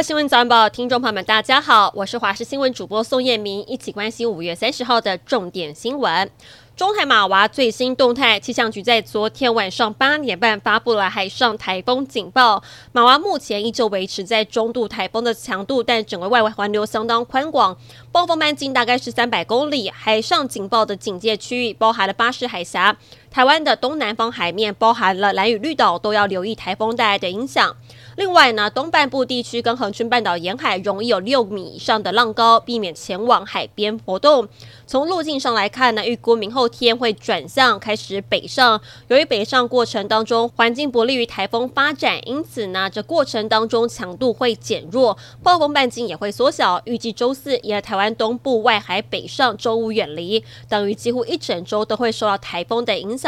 新聞早安報，聽眾朋友們，大家好，我是華視新聞主播宋彥明，一起關心五月三十號的重點新聞。中台馬娃最新動態，氣象局在昨天晚上八點半發布了海上颱風警報。馬娃目前依舊維持在中度颱風的強度，但整個外圍環流相當寬廣，暴風半徑大概是三百公里。海上警報的警戒區域包含了巴士海峽。台灣的東南方海面，包含了蘭嶼、綠島，都要留意台風帶來的影響。另外呢，東半部地區跟恆春半島沿海容易有六米以上的浪高，避免前往海邊活動。從路徑上來看呢，預估明後天會轉向開始北上。由於北上過程當中，環境不利於台風發展，因此呢，這過程當中強度會減弱，暴風半徑也會縮小。預計週四沿台灣東部外海北上，週五遠離，等於幾乎一整週都會受到台風的影響。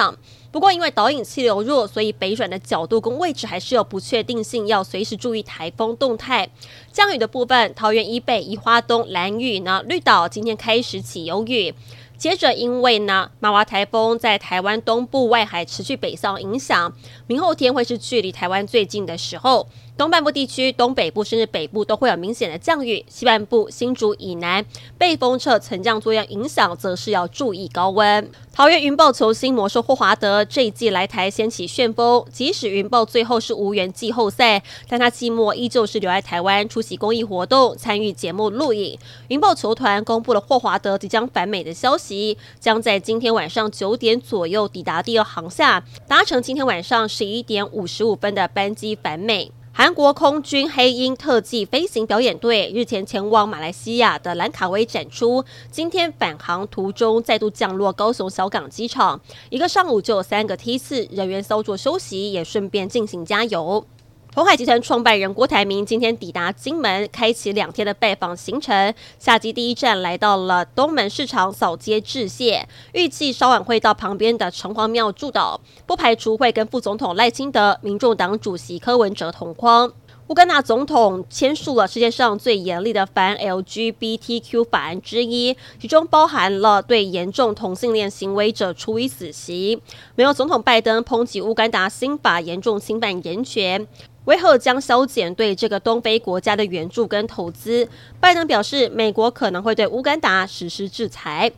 不過，因為導引氣流弱，所以北轉的角度跟位置還是有不確定性，要隨時注意台風動態。降雨的部分，桃園以北、宜花東、蘭嶼呢，綠島今天開始起有雨。接着，因為呢，瑪娃台風在台灣東部外海持續北上影響，明後天會是距離台灣最近的時候。東半部地區、東北部甚至北部都會有明顯的降雨，西半部新竹以南被背風沉降作用影響，則是要注意高溫。桃園雲豹球星魔獸霍華德這一季來台掀起旋風，即使雲豹最後是無緣季後賽，但他季末依舊是留在台灣出席公益活動、參與節目錄影。雲豹球團公布了霍華德即將返美的消息，將在今天晚上九點左右抵達第二航廈，搭乘今天晚上十一點五十五分的班機返美。韓國空軍黑鷹特技飛行表演隊日前前往馬來西亞的蘭卡威展出，今天返航途中再度降落高雄小港機場，一個上午就有三個梯次，人員稍作休息，也順便進行加油。鴻海集團創辦人郭台銘今天抵達金門，開啟兩天的拜訪行程。下機第一站來到了東門市場掃街致謝，預計稍晚會到旁邊的城隍廟祝禱，不排除會跟副總統賴清德、民眾黨主席柯文哲同框。烏干達總統簽署了世界上最嚴厲的反 LGBTQ 法案之一，其中包含了對嚴重同性戀行為者處以死刑。美國總統拜登抨擊烏干達新法嚴重侵犯人權。為何將削減對這個東非國家的援助跟投資？拜登表示，美國可能會對烏干達實施制裁。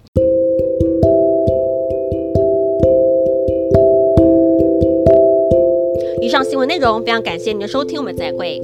以上新聞內容非常感謝您的收聽，我們再會。